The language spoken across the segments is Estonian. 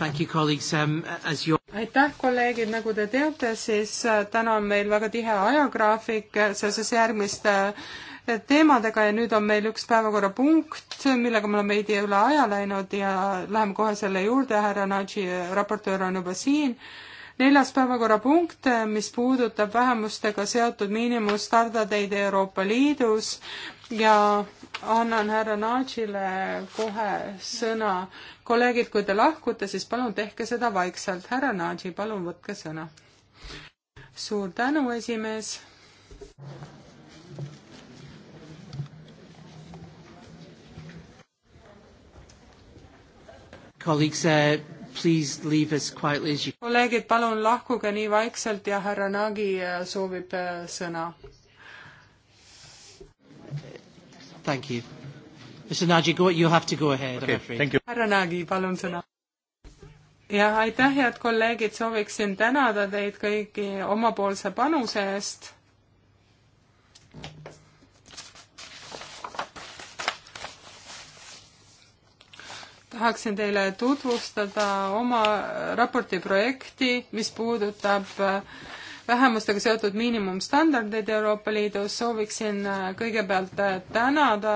You... Um, aitäh, kolleegid, nagu te teate, siis äh, täna on meil väga tihe ajagraafik äh, seoses järgmiste äh, teemadega ja nüüd on meil üks päevakorrapunkt, millega me oleme veidi üle aja läinud ja läheme kohe selle juurde, härra Nadži raportöör on juba siin. neljas päevakorrapunkt, mis puudutab vähemustega seotud miinimumstandardeid Euroopa Liidus ja annan härra Nadžile kohe sõna. kolleegid, kui te lahkute, siis palun tehke seda vaikselt. härra Nadži, palun võtke sõna. suur tänu, esimees. Colleagues, uh, please leave us quietly as you... kolleegid, palun lahkuge nii vaikselt ja härra Nagi äh, soovib äh, sõna Thank you. Mr Nagy, go, you have to go ahead, okay, I am afraid. härra Nagy, palun sõna. jah, aitäh, head kolleegid, sooviksin tänada teid kõigi omapoolse panuse eest. tahaksin teile tutvustada oma raporti projekti, mis puudutab äh, vähemustega seotud miinimumstandardid Euroopa Liidus, sooviksin äh, kõigepealt äh, tänada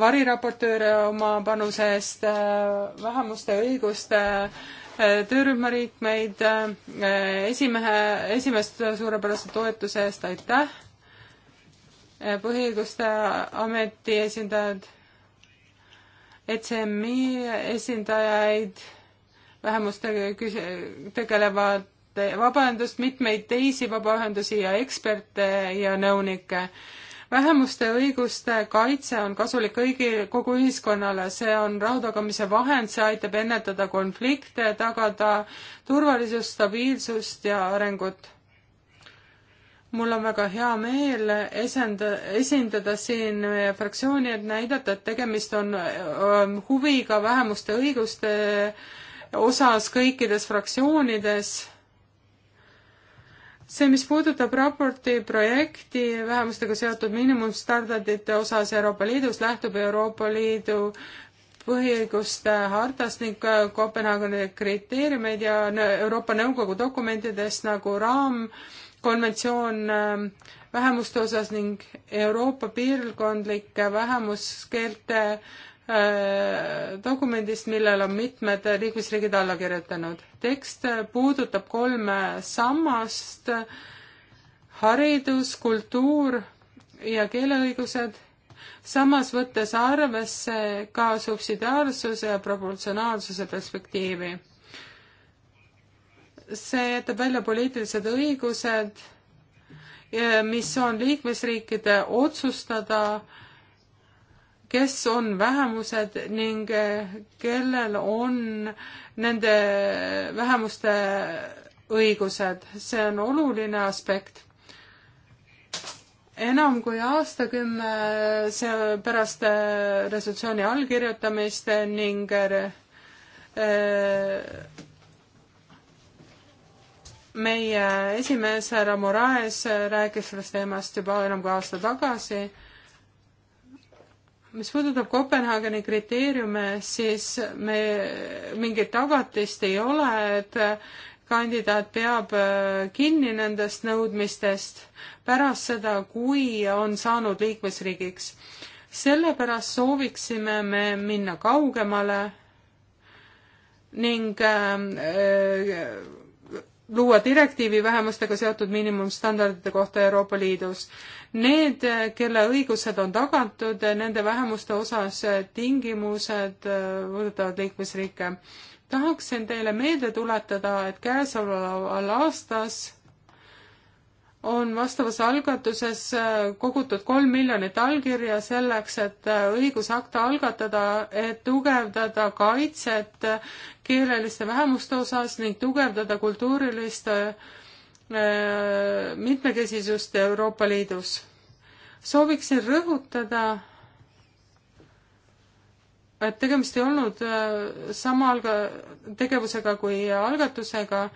variraportööre oma panuse eest, äh, vähemuste õiguste töörühma liikmeid, esimehe, esimest suurepärase toetuse eest, aitäh! põhiõiguste ameti esindajad, ECMi esindajaid, vähemustega küs-, tegelevad te, vabaühendust, mitmeid teisi vabaühendusi ja eksperte ja nõunikke. vähemuste õiguste kaitse on kasulik kõigi, kogu ühiskonnale, see on rahutagamise vahend, see aitab ennetada konflikte, tagada turvalisust, stabiilsust ja arengut mul on väga hea meel esenda-, esindada siin meie fraktsiooni, et näidata, et tegemist on huviga vähemuste õiguste osas kõikides fraktsioonides see, mis puudutab raporti projekti vähemustega seotud miinimumstandardite osas Euroopa Liidus, lähtub Euroopa Liidu põhiõiguste hartast ning Kopenhaageni kriteeriumeid ja Euroopa Nõukogu dokumentidest nagu raamkonventsioon ähm, vähemuste osas ning Euroopa piirkondlike vähemuskeelte Äh, dokumendist, millele on mitmed liikmesriigid alla kirjutanud. tekst puudutab kolme sammast, haridus, kultuur ja keeleõigused, samas võttes arvesse ka subsidiaarsuse ja proportsionaalsuse perspektiivi. see jätab välja poliitilised õigused, mis on liikmesriikide otsustada äh, kes on vähemused ning eh, kellel on nende vähemuste õigused. see on oluline aspekt. enam kui aastakümme see pärast eh, resolutsiooni allkirjutamist ning eh, meie esimees härra Moraes rääkis sellest teemast juba enam kui aasta tagasi mis puudutab Kopenhaageni kriteeriume, siis me mingit tagatist ei ole, et kandidaat peab äh, kinni nendest nõudmistest pärast seda, kui on saanud liikmesriigiks. sellepärast sooviksime me minna kaugemale ning äh, äh luua direktiivi vähemustega seotud miinimumstandardite kohta Euroopa Liidus. Need, kelle õigused on tagatud, nende vähemuste osas tingimused äh, puudutavad liikmesriike. tahaksin teile meelde tuletada, et käesoleval aastas on vastavas algatuses äh, kogutud kolm miljonit allkirja selleks, et äh, õigusakte algatada, et tugevdada kaitset äh, keeleliste vähemuste osas ning tugevdada kultuurilist mitmekesisust Euroopa Liidus. sooviksin rõhutada, et tegemist ei olnud sama alga-, tegevusega kui algatusega,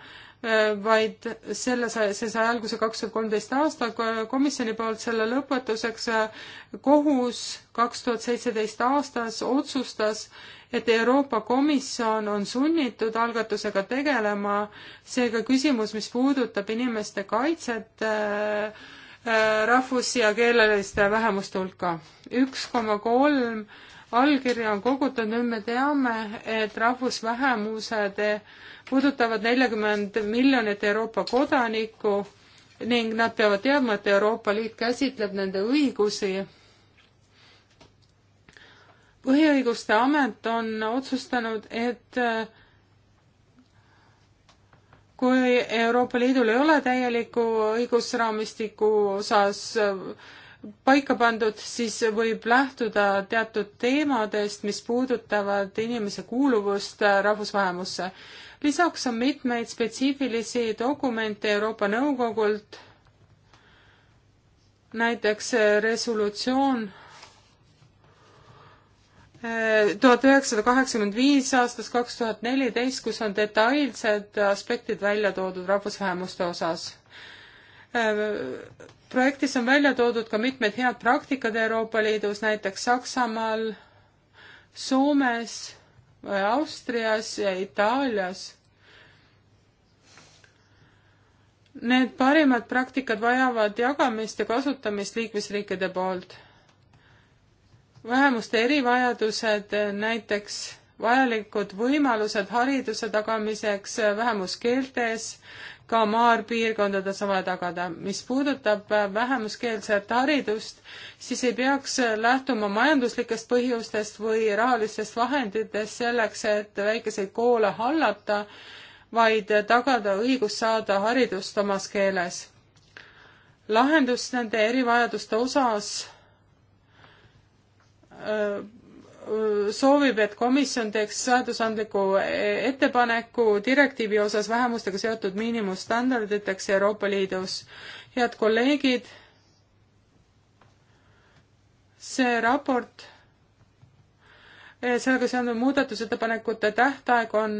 Äh, vaid selle sai, see sai alguse kaks tuhat kolmteist aastal komisjoni poolt, selle lõpetuseks äh, kohus kaks tuhat seitseteist aastas otsustas, et Euroopa Komisjon on sunnitud algatusega tegelema, seega küsimus, mis puudutab inimeste kaitset äh, äh rahvus- ja keeleliste vähemuste hulka. üks koma kolm allkirja on kogutud, nüüd me teame, et rahvusvähemused puudutavad neljakümmend miljonit Euroopa kodanikku ning nad peavad teadma, et Euroopa Liit käsitleb nende õigusi. põhiõiguste amet on otsustanud, et kui Euroopa Liidul ei ole täieliku õigusraamistiku osas äh, paika pandud, siis võib lähtuda teatud teemadest, mis puudutavad inimese kuuluvust rahvusvähemusse. lisaks on mitmeid spetsiifilisi dokumente Euroopa Nõukogult, näiteks resolutsioon eh, tuhat üheksasada kaheksakümmend viis aastast kaks tuhat neliteist, kus on detailsed aspektid välja toodud rahvusvähemuste osas Äh, projektis on välja toodud ka mitmed head praktikad Euroopa Liidus, näiteks Saksamaal, Soomes, Austrias ja Itaalias. Need parimad praktikad vajavad jagamist ja kasutamist liikmesriikide poolt. vähemuste erivajadused, näiteks vajalikud võimalused hariduse tagamiseks vähemuskeeltes, ka maapiirkondade sama tagada. mis puudutab äh, vähemuskeelset haridust, siis ei peaks äh, lähtuma majanduslikest põhjustest või rahalistest vahenditest selleks, et väikeseid koole hallata, vaid tagada õigus saada haridust omas keeles. lahendus nende erivajaduste osas öö, äh, soovib, et komisjon teeks seadusandliku ettepaneku direktiivi osas vähemustega seotud miinimumstandarditeks Euroopa Liidus. head kolleegid, see raport, sellega seonduv muudatusettepanekute tähtaeg on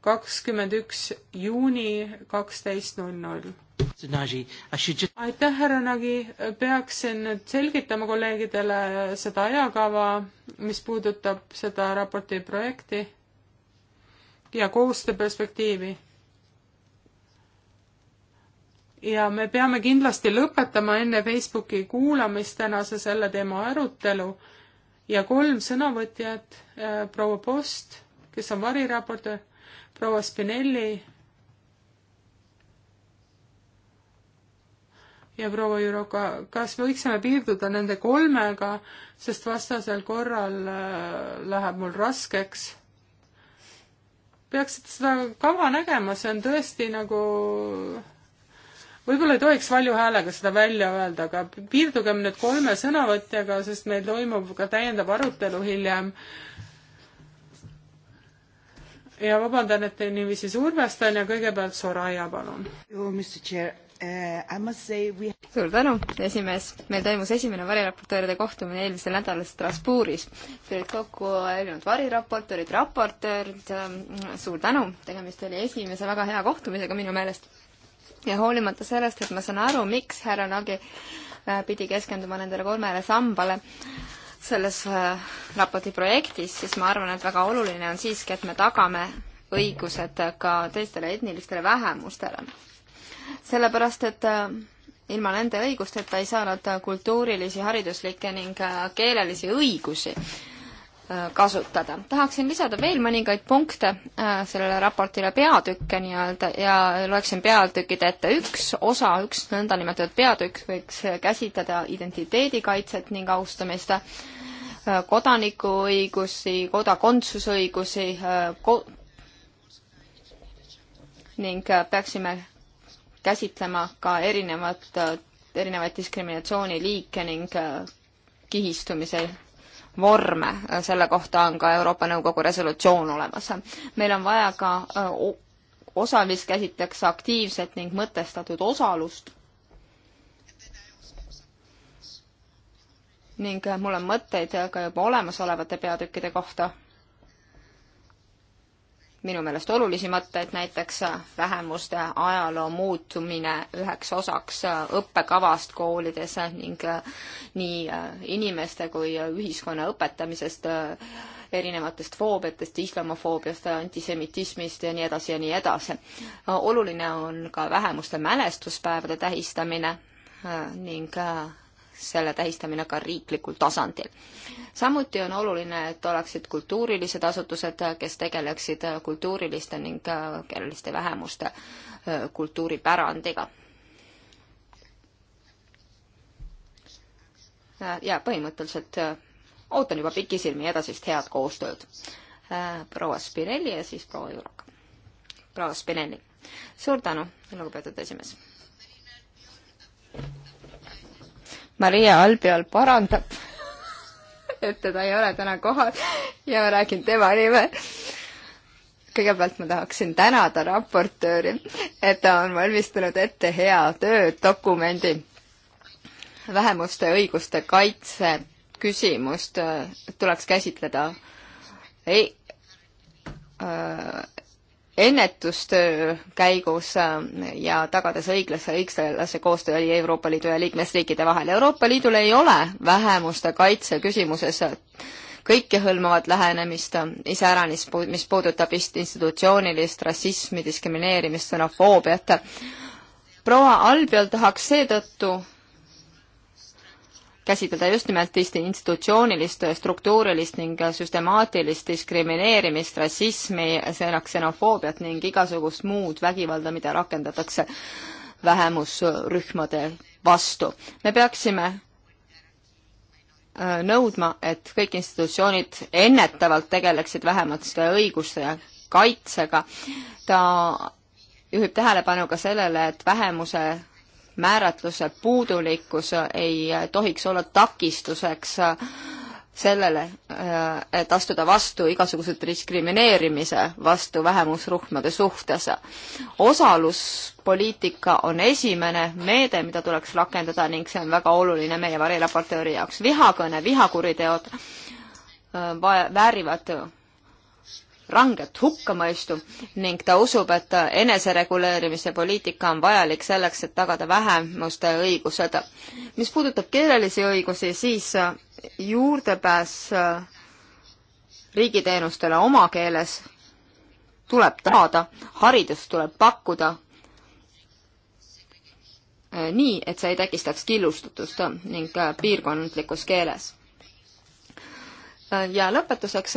kakskümmend üks juuni kaksteist null null aitäh, härra Nagi, peaksin nüüd selgitama kolleegidele seda ajakava, mis puudutab seda raporti projekti ja koostööperspektiivi ja me peame kindlasti lõpetama enne Facebooki kuulamist tänase selle teema arutelu ja kolm sõnavõtjat äh,, proua Post, kes on variraportöör, proua Spinelli ja proua Juroka, kas me võiksime piirduda nende kolmega, sest vastasel korral äh, läheb mul raskeks. peaksite seda kava nägema, see on tõesti nagu võib-olla ei tohiks valju häälega seda välja öelda, aga piirdugem nüüd kolme sõnavõtjaga, sest meil toimub ka täiendav arutelu hiljem ja vabandan, et teid niiviisi survestan ja kõigepealt Soraya, palun. Eh, suur tänu, esimees. meil toimus esimene variraportööride kohtumine eelmisel nädalal Strasbourgis. tulid kokku erinevad variraportöörid, raportöörid, eh, suur tänu, tegemist oli esimese väga hea kohtumisega minu meelest. ja hoolimata sellest, et ma saan aru, miks härra Nagi eh, pidi keskenduma nendele kolmele sambale, selles äh, raporti projektis, siis ma arvan, et väga oluline on siiski, et me tagame õigused ka teistele etnilistele vähemustele. sellepärast, et äh, ilma nende õigusteta ei saa nad kultuurilisi, hariduslikke ning äh, keelelisi õigusi kasutada. tahaksin lisada veel mõningaid punkte äh, sellele raportile, peatükke nii-öelda, ja loeksin peatükid ette. üks osa, üks nõndanimetatud peatükk võiks käsitleda identiteedikaitset ning austamist, äh, kodanikuõigusi, kodakondsusõigusi äh, ko, ning peaksime käsitlema ka erinevat, erinevaid diskriminatsiooniliike ning kihistumise vorme, äh, selle kohta on ka Euroopa Nõukogu resolutsioon olemas. meil on vaja ka äh, osa, mis käsitleks aktiivset ning mõtestatud osalust. ning äh, mul on mõtteid ka juba olemasolevate peatükkide kohta minu meelest olulisi mõtteid, näiteks vähemuste ajaloo muutumine üheks osaks õppekavast koolides ning nii inimeste kui ühiskonna õpetamisest, erinevatest foobiatest, islamofoobiast, antisemitismist ja nii edasi ja nii edasi. oluline on ka vähemuste mälestuspäevade tähistamine ning selle tähistamine ka riiklikul tasandil. samuti on oluline, et oleksid kultuurilised asutused, kes tegeleksid kultuuriliste ning äh, keeleliste vähemuste äh, kultuuripärandiga. Äh, ja põhimõtteliselt ootan juba pikisilmi edasist head koostööd. proua Spinelli ja siis proua Jurok. proua Spinelli, suur tänu, lugupeetud esimees Maria Albiol parandab, et teda ei ole täna kohal ja ma räägin tema nimel kõigepealt ma tahaksin tänada raportööri, et ta on valmistanud ette hea töödokumendi vähemuste õiguste kaitse küsimust äh, tuleks käsitleda ei, äh, ennetustöö käigus äh, ja tagades õiglase, õiglase koostöö Euroopa Liidu ja liikmesriikide vahel. Euroopa Liidul ei ole vähemuste kaitse küsimuses kõikehõlmavat lähenemist, iseäranis, mis puudutab institutsioonilist rassismi, diskrimineerimist, xenofoobiat. proua Albiol tahaks seetõttu käsitleda just nimelt institutsioonilist, struktuurilist ning süstemaatilist diskrimineerimist, rassismi, ksenofoobiat ning igasugust muud vägivalda, mida rakendatakse vähemusrühmade vastu. me peaksime äh, nõudma, et kõik institutsioonid ennetavalt tegeleksid vähemaste õiguste kaitsega. ta juhib tähelepanu ka sellele, et vähemuse määratluse puudulikkus ei tohiks olla takistuseks sellele, et astuda vastu igasuguse diskrimineerimise vastu vähemusrühmade suhtes. osaluspoliitika on esimene meede, mida tuleks rakendada ning see on väga oluline meie variraportööri jaoks. vihakõne, vihakuriteod väärivad rangelt hukkamõistu ning ta usub, et enesereguleerimise poliitika on vajalik selleks, et tagada vähemuste õigused. mis puudutab keelelisi õigusi, siis äh, juurdepääs äh, riigiteenustele oma keeles tuleb tagada, haridust tuleb pakkuda äh, nii, et see ei tekitaks killustatust ning piirkondlikus keeles. ja lõpetuseks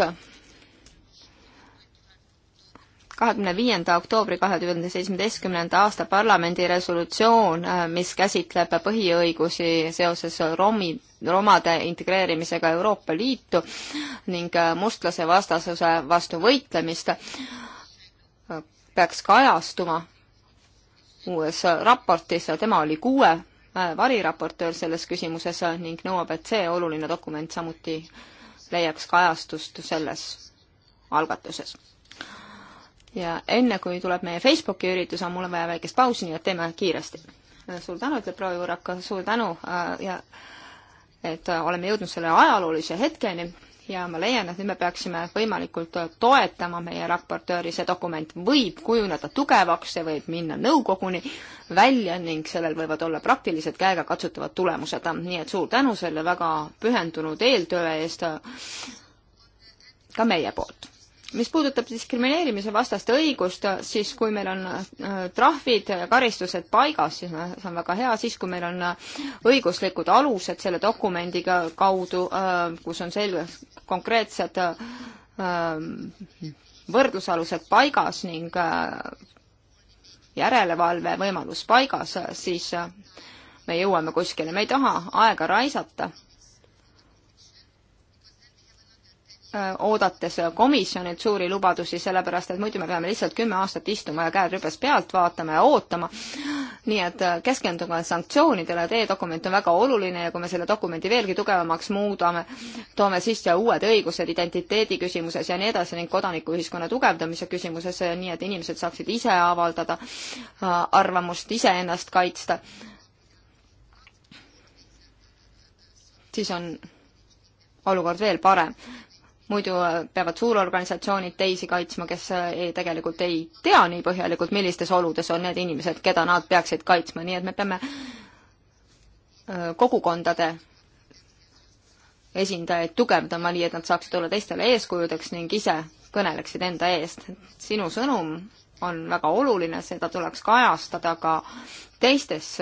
kahekümne viienda oktoobri kahe tuhande seitsmeteistkümnenda aasta parlamendi resolutsioon, äh, mis käsitleb põhiõigusi seoses romi, romade integreerimisega Euroopa Liitu ning äh, mustlase vastasuse vastu võitlemist, äh, peaks kajastuma uues raportis, tema oli kuue variraportöör selles küsimuses ning nõuab, et see oluline dokument samuti leiaks kajastust selles algatuses ja enne, kui tuleb meie Facebooki üritus, on mul vaja väikest pausi, nii et teeme kiiresti. Äh, suur tänu, ütleb proua Juraka, suur tänu äh, ja et äh, oleme jõudnud selle ajaloolise hetkeni ja ma leian, et nüüd me peaksime võimalikult toetama meie raportööri, see dokument võib kujuneda tugevaks, see võib minna nõukoguni välja ning sellel võivad olla praktilised käegakatsutavad tulemused, nii et suur tänu selle väga pühendunud eeltöö eest ka meie poolt mis puudutab diskrimineerimise vastast õigust, siis kui meil on äh, trahvid ja karistused paigas, siis see on väga hea, siis kui meil on äh, õiguslikud alused selle dokumendiga kaudu, äh, kus on selge, konkreetsed võrdlusalused paigas ning järelevalve võimalus paigas, siis me jõuame kuskile, me ei taha aega raisata Äh, oodates komisjonilt suuri lubadusi, sellepärast et muidu me peame lihtsalt kümme aastat istuma ja käed rüpes pealt vaatama ja ootama. nii et äh, keskendume sanktsioonidele, teedokument on väga oluline ja kui me selle dokumendi veelgi tugevamaks muudame, toome sisse uued õigused identiteedi küsimuses ja nii edasi ning kodanikuühiskonna tugevdamise küsimuses, äh, nii et inimesed saaksid ise avaldada arvamust, iseennast kaitsta, siis on olukord veel parem muidu äh, peavad suurorganisatsioonid teisi kaitsma, kes ei, äh, tegelikult ei tea nii põhjalikult, millistes oludes on need inimesed, keda nad peaksid kaitsma, nii et me peame äh, kogukondade esindajaid tugevdama, nii et nad saaksid olla teistele eeskujudeks ning ise kõneleksid enda eest. sinu sõnum on väga oluline, seda tuleks kajastada ka teistes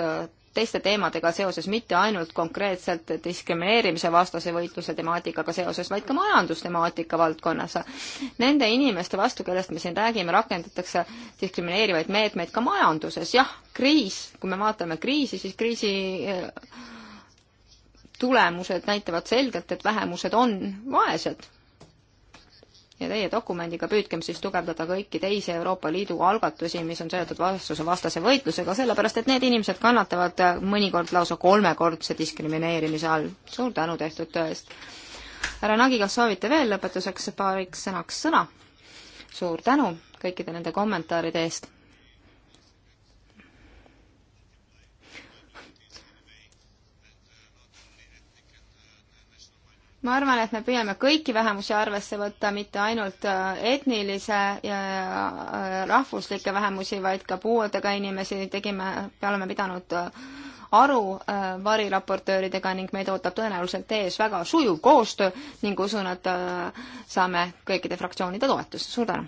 teiste teemadega seoses, mitte ainult konkreetselt diskrimineerimise vastase võitluse temaatikaga seoses, vaid ka majandustemaatika valdkonnas. Nende inimeste vastu, kellest me siin räägime, rakendatakse diskrimineerivaid meetmeid ka majanduses, jah, kriis, kui me vaatame kriisi, siis kriisi eh, tulemused näitavad selgelt, et vähemused on vaesed ja teie dokumendiga püüdkem siis tugevdada kõiki teisi Euroopa Liidu algatusi, mis on seotud vastuse vastase võitlusega, sellepärast et need inimesed kannatavad mõnikord lausa kolmekordse diskrimineerimise all. suur tänu tehtud töö eest! härra Nagi, kas soovite veel lõpetuseks paariks sõnaks sõna? suur tänu kõikide nende kommentaaride eest ma arvan, et me püüame kõiki vähemusi arvesse võtta, mitte ainult äh, etnilise ja äh, rahvuslikke vähemusi, vaid ka puuetega inimesi tegime, me oleme pidanud äh, aru variraportööridega ning meid ootab tõenäoliselt ees väga sujuv koostöö ning usun, et saame kõikide fraktsioonide toetust. suur tänu!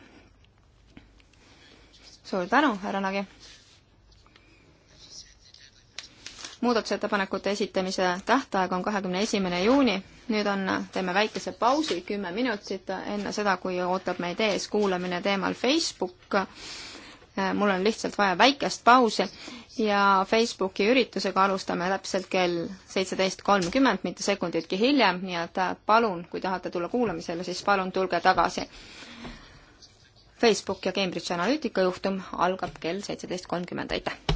suur tänu, härra Nagi! muudatusettepanekute esitamise tähtaeg on kahekümne esimene juuni, nüüd on, teeme väikese pausi, kümme minutit, enne seda, kui ootab meid ees kuulamine teemal Facebook. Äh, mul on lihtsalt vaja väikest pausi ja Facebooki üritusega alustame täpselt kell seitseteist kolmkümmend, mitte sekunditki hiljem, nii et äh, palun, kui tahate tulla kuulamisele, siis palun tulge tagasi. Facebook ja Cambridge Analytica juhtum algab kell seitseteist kolmkümmend, aitäh!